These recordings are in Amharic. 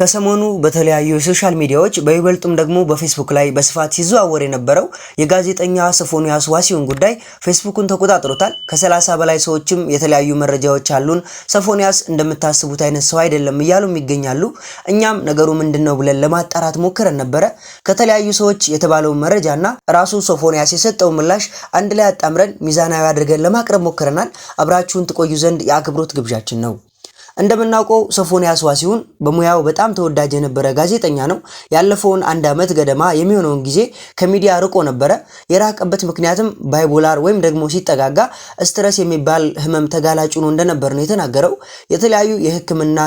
ከሰሞኑ በተለያዩ የሶሻል ሚዲያዎች በይበልጡም ደግሞ በፌስቡክ ላይ በስፋት ሲዘዋወር የነበረው የጋዜጠኛ ሶፎንያስ ዋሲሁን ጉዳይ ፌስቡኩን ተቆጣጥሮታል። ከ30 በላይ ሰዎችም የተለያዩ መረጃዎች አሉን፣ ሶፎንያስ እንደምታስቡት አይነት ሰው አይደለም እያሉም ይገኛሉ። እኛም ነገሩ ምንድን ነው ብለን ለማጣራት ሞክረን ነበረ። ከተለያዩ ሰዎች የተባለውን መረጃና ራሱ ሶፎንያስ የሰጠው ምላሽ አንድ ላይ አጣምረን ሚዛናዊ አድርገን ለማቅረብ ሞክረናል። አብራችሁን ትቆዩ ዘንድ የአክብሮት ግብዣችን ነው። እንደምናውቀው ሶፎንያስ ዋሲሁን በሙያው በጣም ተወዳጅ የነበረ ጋዜጠኛ ነው። ያለፈውን አንድ ዓመት ገደማ የሚሆነውን ጊዜ ከሚዲያ ርቆ ነበረ። የራቀበት ምክንያትም ባይቦላር ወይም ደግሞ ሲጠጋጋ ስትረስ የሚባል ህመም ተጋላጭ ሆኖ እንደነበር ነው የተናገረው። የተለያዩ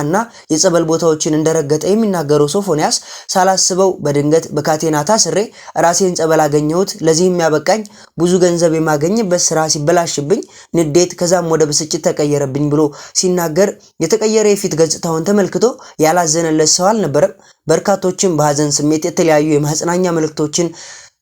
እና የጸበል ቦታዎችን እንደረገጠ የሚናገረው ሶፎንያስ ሳላስበው በድንገት በካቴና ታስሬ ራሴን ጸበል አገኘሁት። ለዚህ የሚያበቃኝ ብዙ ገንዘብ የማገኝበት ስራ ሲበላሽብኝ ንዴት፣ ከዛም ወደ ብስጭት ተቀየረብኝ ብሎ ሲናገር የተቀየረ የፊት ገጽታውን ተመልክቶ ያላዘነለት ሰው አልነበረም። በርካቶችም በሀዘን ስሜት የተለያዩ የማጽናኛ መልእክቶችን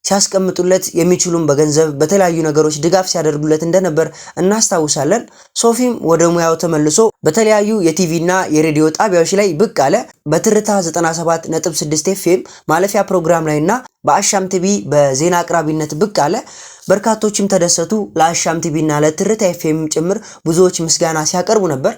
ሲያስቀምጡለት የሚችሉም በገንዘብ በተለያዩ ነገሮች ድጋፍ ሲያደርጉለት እንደነበር እናስታውሳለን። ሶፊም ወደ ሙያው ተመልሶ በተለያዩ የቲቪና የሬዲዮ ጣቢያዎች ላይ ብቅ አለ። በትርታ 97.6 ኤፍኤም ማለፊያ ፕሮግራም ላይና በአሻም ቲቪ በዜና አቅራቢነት ብቅ አለ። በርካቶችም ተደሰቱ። ለአሻም ቲቪና ለትርታ ኤፍኤም ጭምር ብዙዎች ምስጋና ሲያቀርቡ ነበር።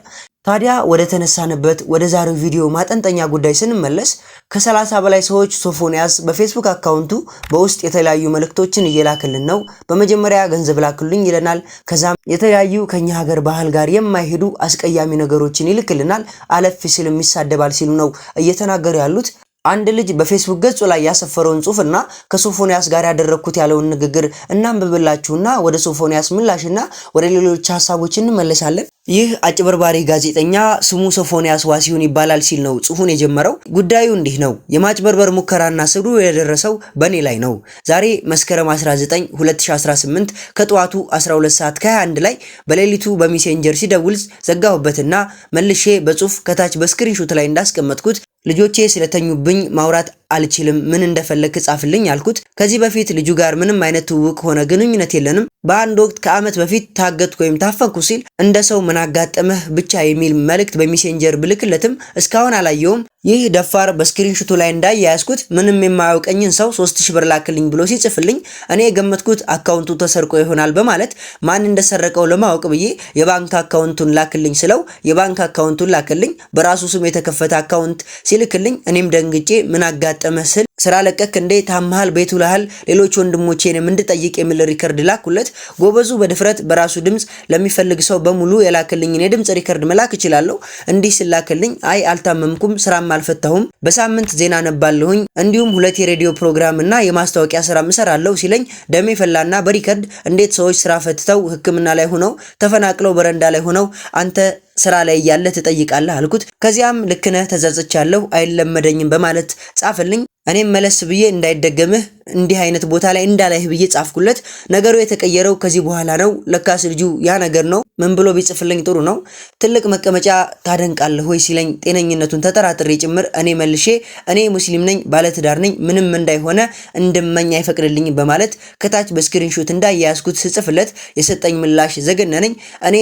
ታዲያ ወደ ተነሳንበት ወደ ዛሬው ቪዲዮ ማጠንጠኛ ጉዳይ ስንመለስ ከ30 በላይ ሰዎች ሶፎንያስ በፌስቡክ አካውንቱ በውስጥ የተለያዩ መልእክቶችን እየላክልን ነው። በመጀመሪያ ገንዘብ ላክልኝ ይለናል። ከዛም የተለያዩ ከኛ ሀገር ባህል ጋር የማይሄዱ አስቀያሚ ነገሮችን ይልክልናል። አለፍ ሲልም ይሳደባል ሲሉ ነው እየተናገሩ ያሉት። አንድ ልጅ በፌስቡክ ገጹ ላይ ያሰፈረውን ጽሁፍና ከሶፎንያስ ጋር ያደረግኩት ያለውን ንግግር እናንብብላችሁና ወደ ሶፎንያስ ምላሽና ወደ ሌሎች ሀሳቦች እንመለሳለን። ይህ አጭበርባሪ ጋዜጠኛ ስሙ ሶፎንያስ ዋሲሁን ይባላል ሲል ነው ጽሁፉን የጀመረው። ጉዳዩ እንዲህ ነው። የማጭበርበር ሙከራና ስሩ የደረሰው በእኔ ላይ ነው። ዛሬ መስከረም 19 2018 ከጠዋቱ 12 ሰዓት ከ21 ላይ በሌሊቱ በሜሴንጀር ሲደውል ዘጋሁበትና መልሼ በጽሁፍ ከታች በስክሪንሾት ላይ እንዳስቀመጥኩት ልጆቼ ስለተኙብኝ ማውራት አልችልም፣ ምን እንደፈለግህ ጻፍልኝ አልኩት። ከዚህ በፊት ልጁ ጋር ምንም አይነት ትውውቅ ሆነ ግንኙነት የለንም። በአንድ ወቅት ከዓመት በፊት ታገትኩ ወይም ታፈንኩ ሲል እንደ ሰው ምን አጋጠመህ ብቻ የሚል መልእክት በሜሴንጀር ብልክለትም እስካሁን አላየውም። ይህ ደፋር በስክሪንሹቱ ላይ እንዳያያዝኩት ምንም የማያውቀኝን ሰው 3000 ብር ላክልኝ ብሎ ሲጽፍልኝ እኔ የገመትኩት አካውንቱ ተሰርቆ ይሆናል በማለት ማን እንደሰረቀው ለማወቅ ብዬ የባንክ አካውንቱን ላክልኝ ስለው የባንክ አካውንቱን ላክልኝ በራሱ ስም የተከፈተ አካውንት ሲልክልኝ እኔም ደንግጬ ምን አጋጠመ የበለጠ መስል ስራ ለቀክ እንዴ ታመሃል ቤቱ ላህል ሌሎች ወንድሞቼንም እንድጠይቅ የሚል ሪከርድ ላኩለት። ጎበዙ በድፍረት በራሱ ድምፅ ለሚፈልግ ሰው በሙሉ እኔ የድምፅ ሪከርድ መላክ እችላለሁ። እንዲህ ስላክልኝ አይ አልታመምኩም፣ ስራም አልፈታሁም፣ በሳምንት ዜና ነባለሁኝ፣ እንዲሁም ሁለት የሬዲዮ ፕሮግራም እና የማስታወቂያ ስራ እሰራለሁ ሲለኝ ደሜ ፈላና በሪከርድ እንዴት ሰዎች ስራ ፈትተው ህክምና ላይ ሆነው ተፈናቅለው በረንዳ ላይ ሆነው አንተ ስራ ላይ እያለ ትጠይቃለህ አልኩት። ከዚያም ልክነህ ተጸጽቻለሁ፣ አይለመደኝም በማለት ጻፈልኝ። እኔም መለስ ብዬ እንዳይደገምህ እንዲህ አይነት ቦታ ላይ እንዳላይህ ብዬ ጻፍኩለት። ነገሩ የተቀየረው ከዚህ በኋላ ነው። ለካስ ልጁ ያ ነገር ነው። ምን ብሎ ቢጽፍልኝ ጥሩ ነው? ትልቅ መቀመጫ ታደንቃለህ ወይ ሲለኝ ጤነኝነቱን ተጠራጥሬ ጭምር እኔ መልሼ እኔ ሙስሊም ነኝ፣ ባለትዳር ነኝ፣ ምንም እንዳይሆነ እንድመኝ አይፈቅድልኝም በማለት ከታች በስክሪንሾት እንዳያያዝኩት ስጽፍለት የሰጠኝ ምላሽ ዘገነነኝ። እኔ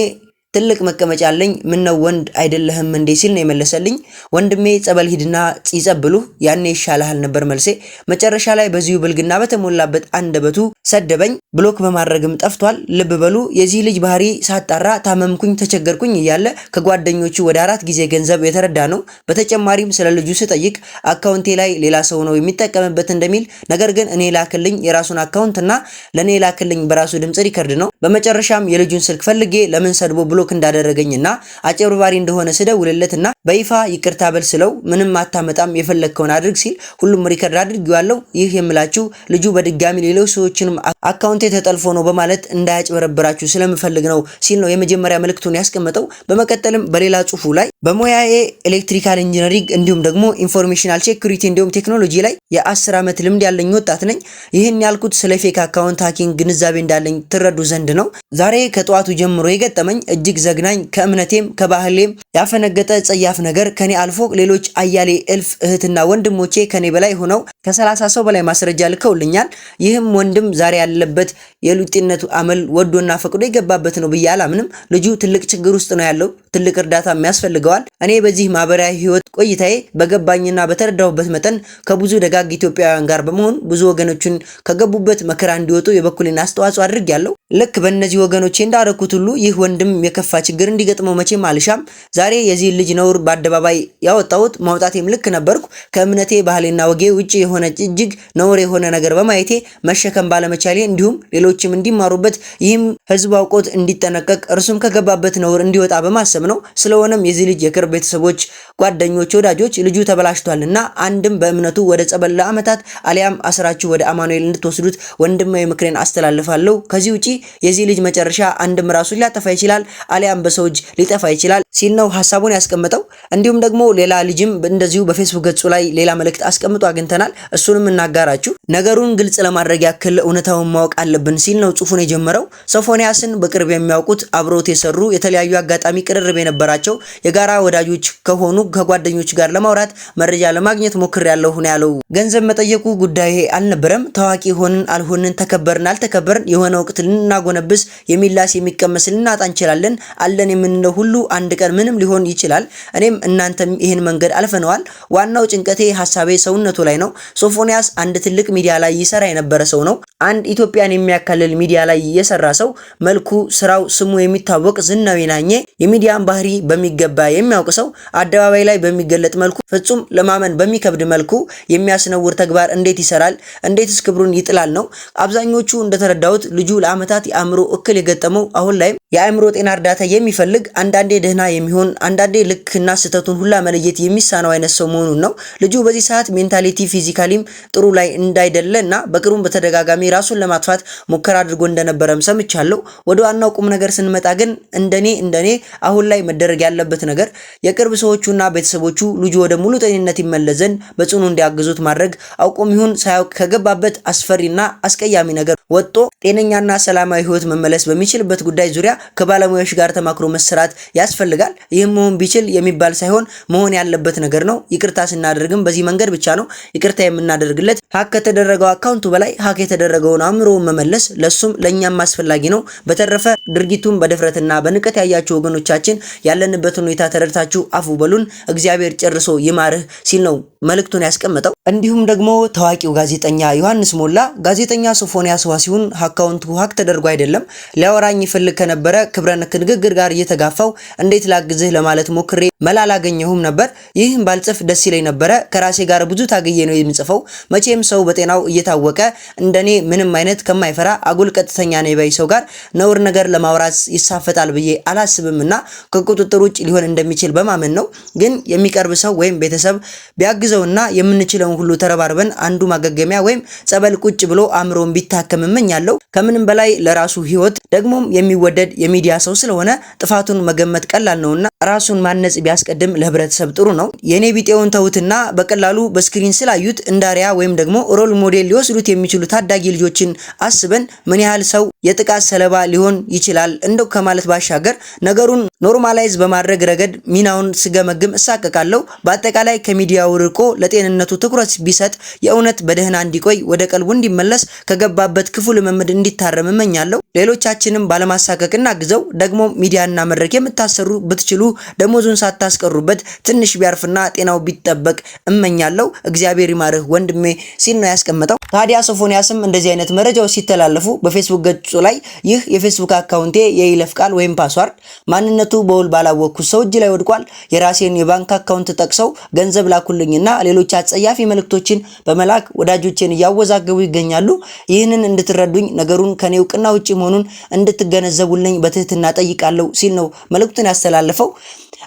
ትልቅ መቀመጫ አለኝ። ምነው ወንድ አይደለህም እንዴ ሲል ነው የመለሰልኝ። ወንድሜ ጸበል ሂድና ጺጸብ ያኔ ይሻልሃል ነበር መልሴ። መጨረሻ ላይ በዚሁ ብልግና በተሞላበት አንደበቱ ሰደበኝ። ብሎክ በማድረግም ጠፍቷል። ልብ በሉ የዚህ ልጅ ባህሪ ሳጣራ ታመምኩኝ፣ ተቸገርኩኝ እያለ ከጓደኞቹ ወደ አራት ጊዜ ገንዘብ የተረዳ ነው። በተጨማሪም ስለ ልጁ ስጠይቅ አካውንቴ ላይ ሌላ ሰው ነው የሚጠቀምበት እንደሚል ነገር ግን እኔ ላክልኝ የራሱን አካውንትና ለእኔ ላክልኝ በራሱ ድምፅ ሪከርድ ነው በመጨረሻም የልጁን ስልክ ፈልጌ ለምን ሰድቦ ብሎክ እንዳደረገኝና አጭበርባሪ እንደሆነ ስደውልለትና በይፋ ይቅርታ በል ስለው ምንም አታመጣም የፈለግከውን አድርግ ሲል ሁሉም ሪከርድ አድርጌዋለሁ። ይህ የምላችሁ ልጁ በድጋሚ ሌሎች ሰዎችንም አካውንቴ ተጠልፎ ነው በማለት እንዳያጭበረብራችሁ ስለምፈልግ ነው ሲል ነው የመጀመሪያ መልእክቱን ያስቀመጠው። በመቀጠልም በሌላ ጽሁፉ ላይ በሙያዬ ኤሌክትሪካል ኢንጂነሪንግ እንዲሁም ደግሞ ኢንፎርሜሽናል ሴኩሪቲ እንዲሁም ቴክኖሎጂ ላይ የአስር ዓመት ልምድ ያለኝ ወጣት ነኝ። ይህን ያልኩት ስለ ፌክ አካውንት ሀኪንግ ግንዛቤ እንዳለኝ ትረዱ ዘንድ ነው። ዛሬ ከጠዋቱ ጀምሮ የገጠመኝ እጅግ ዘግናኝ ከእምነቴም ከባህሌም ያፈነገጠ ጸያፍ ነገር ከኔ አልፎ ሌሎች አያሌ እልፍ እህትና ወንድሞቼ ከኔ በላይ ሆነው ከሰላሳ ሰው በላይ ማስረጃ ልከውልኛል። ይህም ወንድም ዛሬ ያለበት የሉጢነቱ አመል ወዶና ፈቅዶ የገባበት ነው ብዬ አላምንም። ልጁ ትልቅ ችግር ውስጥ ነው ያለው። ትልቅ እርዳታ የሚያስፈልገዋል። እኔ በዚህ ማህበራዊ ህይወት ቆይታዬ በገባኝና በተረዳሁበት መጠን ከብዙ ደጋግ ኢትዮጵያውያን ጋር በመሆን ብዙ ወገኖችን ከገቡበት መከራ እንዲወጡ የበኩሌን አስተዋጽኦ አድርጌያለሁ። ልክ በእነዚህ ወገኖቼ እንዳረኩት ሁሉ ይህ ወንድም የከፋ ችግር እንዲገጥመው መቼም አልሻም። ዛሬ የዚህ ልጅ ነውር በአደባባይ ያወጣሁት ማውጣቴም ልክ ነበርኩ። ከእምነቴ ባህሌና ወጌ ውጭ የሆነ እጅግ ነውር የሆነ ነገር በማየቴ መሸከም ባለመቻሌ እንዲሁም ሌሎችም እንዲማሩበት ይህም ህዝብ አውቆት እንዲጠነቀቅ እርሱም ከገባበት ነውር እንዲወጣ በማሰብ ነው። ስለሆነም የዚህ ልጅ የቅርብ ቤተሰቦች፣ ጓደኞች፣ ወዳጆች ልጁ ተበላሽቷልና አንድም በእምነቱ ወደ ጸበል ለዓመታት አሊያም አስራችሁ ወደ አማኑኤል እንድትወስዱት ወንድማዊ ምክሬን አስተላልፋለሁ። ከዚህ ውጪ የዚህ ልጅ መጨረሻ አንድም ራሱን ሊያጠፋ ይችላል፣ አሊያም በሰው እጅ ሊጠፋ ይችላል ሲል ነው ሀሳቡን ያስቀምጠው። እንዲሁም ደግሞ ሌላ ልጅም እንደዚሁ በፌስቡክ ገጹ ላይ ሌላ መልእክት አስቀምጦ አግኝተናል። እሱንም እናጋራችሁ። ነገሩን ግልጽ ለማድረግ ያክል እውነታውን ማወቅ አለብን ሲል ነው ጽሁፉን የጀመረው። ሶፎንያስን በቅርብ የሚያውቁት አብሮት የሰሩ የተለያዩ አጋጣሚ ቅርርብ የነበራቸው የጋራ ወዳጆች ከሆኑ ከጓደኞች ጋር ለማውራት መረጃ ለማግኘት ሞክር ያለሁ ነው ያለው። ገንዘብ መጠየቁ ጉዳይ አልነበረም። ታዋቂ ሆንን አልሆንን፣ ተከበርን አልተከበርን የሆነ ወቅት ልና ስናጎነብስ የሚላስ የሚቀመስ ልናጣ እንችላለን። አለን የምንለው ሁሉ አንድ ቀን ምንም ሊሆን ይችላል። እኔም እናንተም ይህን መንገድ አልፈነዋል። ዋናው ጭንቀቴ ሀሳቤ ሰውነቱ ላይ ነው። ሶፎንያስ አንድ ትልቅ ሚዲያ ላይ ይሰራ የነበረ ሰው ነው። አንድ ኢትዮጵያን የሚያካልል ሚዲያ ላይ የሰራ ሰው፣ መልኩ፣ ስራው፣ ስሙ የሚታወቅ ዝናዊ ናኘ፣ የሚዲያን ባህሪ በሚገባ የሚያውቅ ሰው፣ አደባባይ ላይ በሚገለጥ መልኩ፣ ፍጹም ለማመን በሚከብድ መልኩ የሚያስነውር ተግባር እንዴት ይሰራል? እንዴትስ ክብሩን ይጥላል ነው። አብዛኞቹ እንደተረዳሁት ልጁ ለአመታት ጉዳት የአእምሮ እክል የገጠመው አሁን ላይ የአእምሮ ጤና እርዳታ የሚፈልግ አንዳንዴ ደህና የሚሆን አንዳንዴ ልክና ስህተቱን ሁላ መለየት የሚሳነው አይነት ሰው መሆኑን ነው። ልጁ በዚህ ሰዓት ሜንታሊቲ ፊዚካሊም ጥሩ ላይ እንዳይደለ እና በቅርቡም በተደጋጋሚ ራሱን ለማጥፋት ሙከራ አድርጎ እንደነበረም ሰምቻለሁ። ወደ ዋናው ቁም ነገር ስንመጣ ግን እንደኔ እንደኔ አሁን ላይ መደረግ ያለበት ነገር የቅርብ ሰዎቹና ቤተሰቦቹ ልጁ ወደ ሙሉ ጤንነት ይመለስ ዘንድ በጽኑ እንዲያግዙት ማድረግ አውቆም ይሁን ሳያውቅ ከገባበት አስፈሪና አስቀያሚ ነገር ወጥቶ ጤነኛና ሰላም ሰላማዊ ህይወት መመለስ በሚችልበት ጉዳይ ዙሪያ ከባለሙያዎች ጋር ተማክሮ መስራት ያስፈልጋል። ይህም መሆን ቢችል የሚባል ሳይሆን መሆን ያለበት ነገር ነው። ይቅርታ ስናደርግም በዚህ መንገድ ብቻ ነው ይቅርታ የምናደርግለት። ሀክ ከተደረገው አካውንቱ በላይ ሀክ የተደረገውን አእምሮውን መመለስ ለሱም ለእኛም አስፈላጊ ነው። በተረፈ ድርጊቱን በድፍረትና በንቀት ያያችሁ ወገኖቻችን ያለንበት ሁኔታ ተረድታችሁ አፉ በሉን። እግዚአብሔር ጨርሶ ይማርህ ሲል ነው መልእክቱን ያስቀመጠው። እንዲሁም ደግሞ ታዋቂው ጋዜጠኛ ዮሐንስ ሞላ ጋዜጠኛ ሶፎንያስ ዋሲሁን አካውንቱ ሀክ ተደርጎ አይደለም ሊያወራኝ ይፈልግ ከነበረ ክብረን ነክ ንግግር ጋር እየተጋፋው እንዴት ላግዝህ ለማለት ሞክሬ መላ አላገኘሁም ነበር። ይህም ባልጽፍ ደስ ይለኝ ነበረ። ከራሴ ጋር ብዙ ታግዬ ነው የምጽፈው። መቼም ሰው በጤናው እየታወቀ እንደኔ ምንም አይነት ከማይፈራ አጉል ቀጥተኛ ነኝ ባይ ሰው ጋር ነውር ነገር ለማውራት ይሳፈጣል ብዬ አላስብምና ከቁጥጥር ውጭ ሊሆን እንደሚችል በማመን ነው። ግን የሚቀርብ ሰው ወይም ቤተሰብ ቢያግዘውና የምንችለው ቀን ሁሉ ተረባርበን አንዱ ማገገሚያ ወይም ጸበል ቁጭ ብሎ አእምሮን ቢታከም እመኛለሁ። ከምንም በላይ ለራሱ ህይወት ደግሞም የሚወደድ የሚዲያ ሰው ስለሆነ ጥፋቱን መገመት ቀላል ነውና ራሱን ማነጽ ቢያስቀድም ለህብረተሰብ ጥሩ ነው። የኔ ቢጤውን ተውትና በቀላሉ በስክሪን ስላዩት እንዳሪያ ወይም ደግሞ ሮል ሞዴል ሊወስዱት የሚችሉ ታዳጊ ልጆችን አስበን ምን ያህል ሰው የጥቃት ሰለባ ሊሆን ይችላል እንደው ከማለት ባሻገር ነገሩን ኖርማላይዝ በማድረግ ረገድ ሚናውን ስገመግም እሳቀቃለሁ። በአጠቃላይ ከሚዲያው ርቆ ለጤንነቱ ትኩረት ትኩረት ቢሰጥ የእውነት በደህና እንዲቆይ ወደ ቀልቡ እንዲመለስ ከገባበት ክፉ ልምምድ እንዲታረም እመኛለሁ። ሌሎቻችንም ባለማሳቀቅ እናግዘው። ደግሞ ሚዲያና መድረክ የምታሰሩ ብትችሉ ደሞዙን ሳታስቀሩበት ትንሽ ቢያርፍና ጤናው ቢጠበቅ እመኛለሁ። እግዚአብሔር ይማርህ ወንድሜ ሲል ነው ያስቀመጠው። ታዲያ ሶፎንያስም እንደዚህ አይነት መረጃዎች ሲተላለፉ በፌስቡክ ገጹ ላይ ይህ የፌስቡክ አካውንቴ የይለፍ ቃል ወይም ፓስዋርድ ማንነቱ በውል ባላወቅኩት ሰው እጅ ላይ ወድቋል። የራሴን የባንክ አካውንት ጠቅሰው ገንዘብ ላኩልኝና ሌሎች አጸያፊ መልእክቶችን በመላክ ወዳጆቼን እያወዛገቡ ይገኛሉ። ይህንን እንድትረዱኝ ነገሩን ከኔ እውቅና ውጭ መሆኑን እንድትገነዘቡልኝ በትህትና ጠይቃለሁ ሲል ነው መልእክቱን ያስተላለፈው።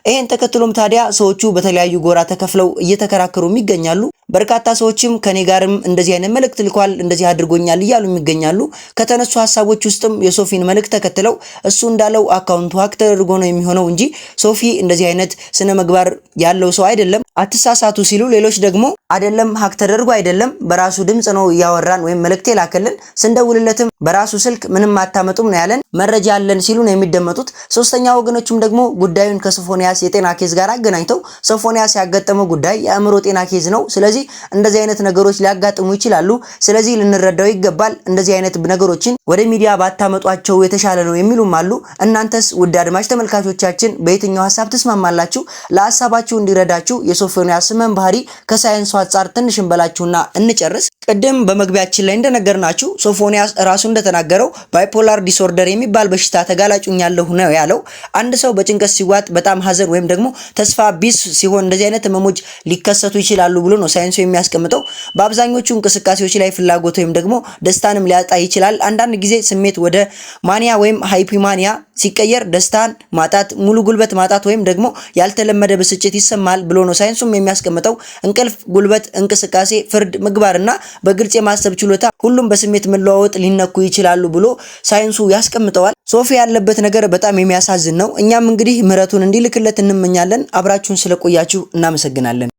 ይህን ተከትሎም ታዲያ ሰዎቹ በተለያዩ ጎራ ተከፍለው እየተከራከሩም ይገኛሉ። በርካታ ሰዎችም ከኔ ጋርም እንደዚህ አይነት መልእክት ልኳል፣ እንደዚህ አድርጎኛል እያሉ ይገኛሉ። ከተነሱ ሀሳቦች ውስጥም የሶፊን መልእክት ተከትለው እሱ እንዳለው አካውንቱ ሀክ ተደርጎ ነው የሚሆነው እንጂ ሶፊ እንደዚህ አይነት ስነ ምግባር ያለው ሰው አይደለም፣ አትሳሳቱ ሲሉ፣ ሌሎች ደግሞ አይደለም ሀክ ተደርጎ አይደለም፣ በራሱ ድምፅ ነው እያወራን ወይም መልእክት የላከልን፣ ስንደውልለትም በራሱ ስልክ ምንም አታመጡም ነው ያለን፣ መረጃ አለን ሲሉ ነው የሚደመጡት። ሶስተኛ ወገኖችም ደግሞ ጉዳዩን ከሶፎንያስ የጤና ኬዝ ጋር አገናኝተው ሶፎንያስ ያጋጠመው ጉዳይ የአእምሮ ጤና ኬዝ ነው ስለዚህ ስለዚህ እንደዚህ አይነት ነገሮች ሊያጋጥሙ ይችላሉ። ስለዚህ ልንረዳው ይገባል። እንደዚህ አይነት ነገሮችን ወደ ሚዲያ ባታመጧቸው የተሻለ ነው የሚሉም አሉ። እናንተስ ውድ አድማጭ ተመልካቾቻችን በየትኛው ሀሳብ ትስማማላችሁ? ለሀሳባችሁ እንዲረዳችሁ የሶፎንያስ ስመን ባህሪ ከሳይንሱ አንጻር ትንሽ እንበላችሁና እንጨርስ። ቅድም በመግቢያችን ላይ እንደነገርናችሁ ሶፎንያስ ራሱ እንደተናገረው ባይፖላር ዲስኦርደር የሚባል በሽታ ተጋላጭኛለሁ ነው ያለው። አንድ ሰው በጭንቀት ሲዋጥ፣ በጣም ሀዘን ወይም ደግሞ ተስፋ ቢስ ሲሆን እንደዚህ አይነት ህመሞች ሊከሰቱ ይችላሉ ብሎ ነው ሳይንሱ የሚያስቀምጠው በአብዛኞቹ እንቅስቃሴዎች ላይ ፍላጎት ወይም ደግሞ ደስታንም ሊያጣ ይችላል። አንዳንድ ጊዜ ስሜት ወደ ማኒያ ወይም ሃይፒማኒያ ሲቀየር ደስታን ማጣት፣ ሙሉ ጉልበት ማጣት ወይም ደግሞ ያልተለመደ ብስጭት ይሰማል ብሎ ነው ሳይንሱም የሚያስቀምጠው። እንቅልፍ፣ ጉልበት፣ እንቅስቃሴ፣ ፍርድ ምግባርና በግልጽ የማሰብ ችሎታ ሁሉም በስሜት መለዋወጥ ሊነኩ ይችላሉ ብሎ ሳይንሱ ያስቀምጠዋል። ሶፊ ያለበት ነገር በጣም የሚያሳዝን ነው። እኛም እንግዲህ ምሕረቱን እንዲልክለት እንመኛለን። አብራችሁን ስለቆያችሁ እናመሰግናለን።